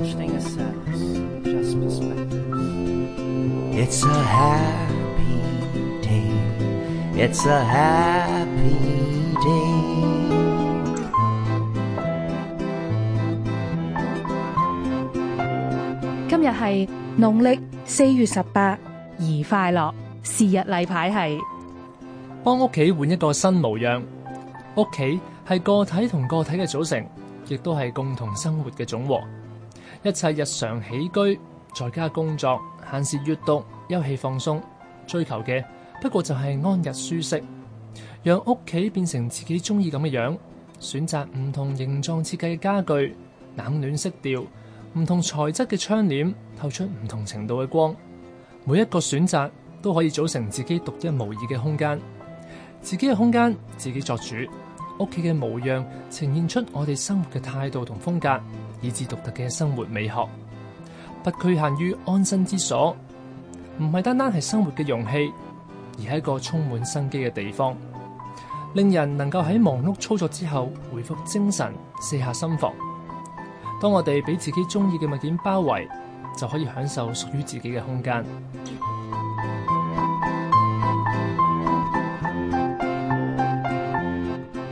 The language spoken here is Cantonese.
It's a happy day. It's a happy day. 今日係農曆四月十八，宜快樂。是日例牌係幫屋企換一個新模樣。屋企係個體同個體嘅組成，亦都係共同生活嘅總和。一切日常起居、在家工作、閒時閱讀、休憩放鬆，追求嘅不過就係安逸舒適，讓屋企變成自己中意咁嘅樣。選擇唔同形狀設計嘅家具，冷暖色調、唔同材質嘅窗簾，透出唔同程度嘅光。每一個選擇都可以組成自己獨一無二嘅空間，自己嘅空間自己作主。屋企嘅模樣，呈現出我哋生活嘅態度同風格，以至獨特嘅生活美學。不拘限於安身之所，唔係單單係生活嘅容器，而係一個充滿生機嘅地方，令人能夠喺忙碌操作之後回復精神，卸下心防。當我哋俾自己中意嘅物件包圍，就可以享受屬於自己嘅空間。